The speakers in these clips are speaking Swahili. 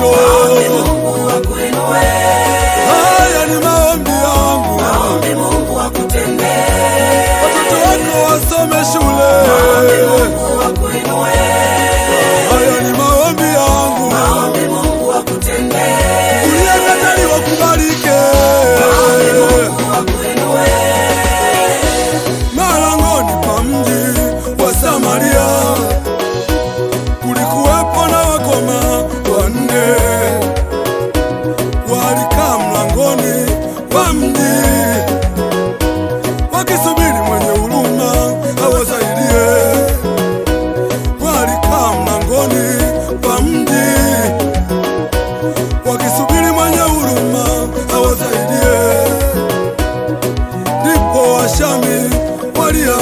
moto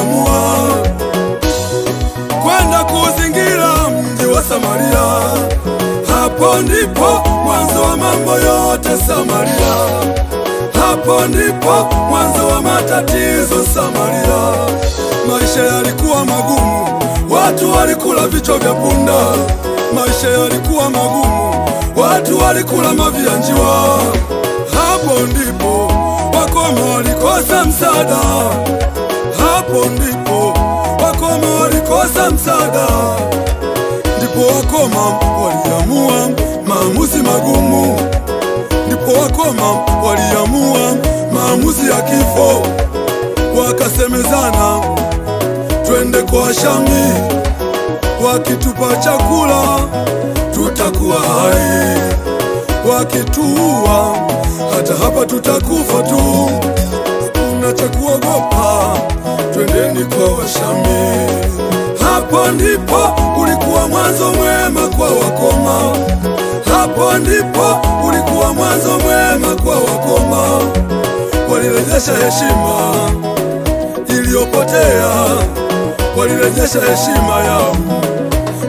aliamua kwenda kuzingira mji wa Samaria. Hapo ndipo mwanzo wa mambo yote Samaria. Hapo ndipo mwanzo wa matatizo Samaria. Maisha yalikuwa magumu, watu walikula vichwa vya punda. Maisha yalikuwa magumu, watu walikula mavi ya njiwa. Hapo ndipo wakoma walikosa msaada hapo ndipo wakoma walikosa msaada, ndipo wakoma waliamua maamuzi magumu, ndipo wakoma waliamua maamuzi ya kifo. Wakasemezana twende kwa Shami, wakitupa chakula tutakuwa hai, wakituua hata hapa tutakufa tu, kuna cha kuogopa Asanteni kwa Hapo ndipo ulikuwa mwanzo mwema kwa wakoma, hapo ndipo ulikuwa mwanzo mwema kwa wakoma. Walirejesha heshima iliyopotea, walirejesha heshima yao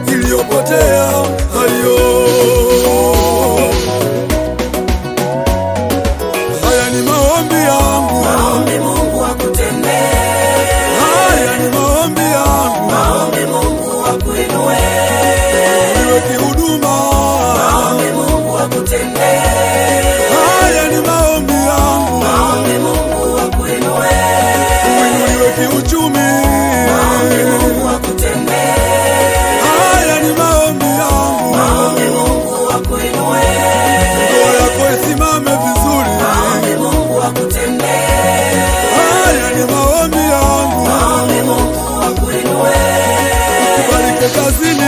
iliyopotea. kwenye maombi yangu, naombe Mungu akuinue, bariki kazini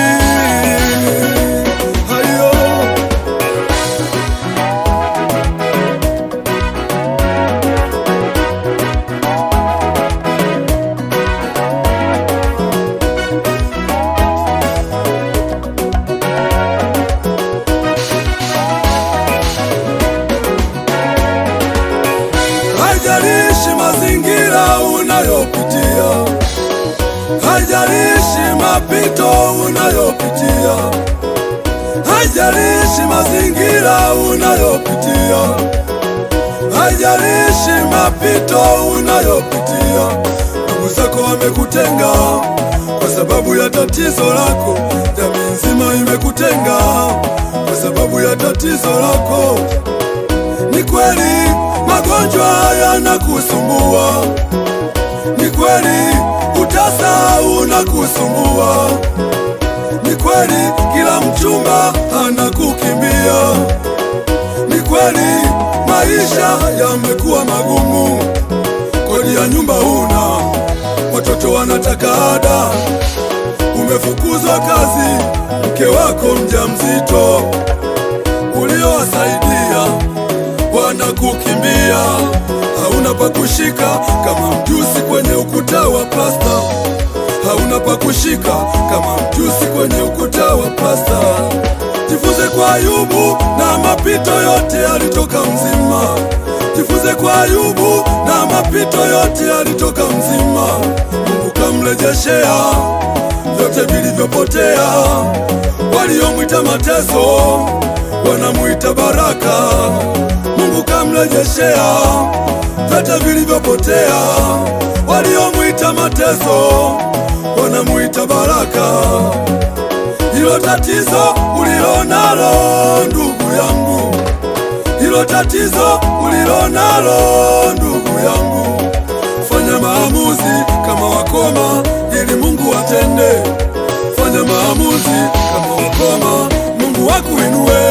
mazingira unayopitia, hajalishi mapito unayopitia, hajalishi mazingira unayopitia, hajalishi mapito unayopitia. Ndugu zako wamekutenga kwa sababu ya tatizo lako, jamii nzima imekutenga kwa sababu ya tatizo lako. Ni kweli na kusumbua, ni kweli utasahau na kusumbua, ni kweli kila mchumba anakukimbia, ni kweli maisha yamekuwa magumu, kodi ya nyumba huna, watoto wanataka ada, umefukuzwa kazi, mke wako mjamzito, uliowasaidia wanakukimbia hauna pa kushika kama mjusi kwenye ukuta wa pasta hauna pa kushika kama mjusi kwenye ukuta wa pasta Jifunze kwa Ayubu na mapito yote yalitoka mzima. Jifunze kwa Ayubu na mapito yote yalitoka mzima. Mungu kamrejeshea vyote vilivyopotea. Waliomwita mateso wanamuita baraka kumrejeshea vyote vilivyopotea. Waliomwita mateso muita baraka. Hilo tatizo ulilonalo ndugu yangu, hilo tatizo ulilonalo ndugu yangu, fanya maamuzi kama wakoma, ili Mungu atende. Fanya maamuzi kama wakoma, Mungu akuinue.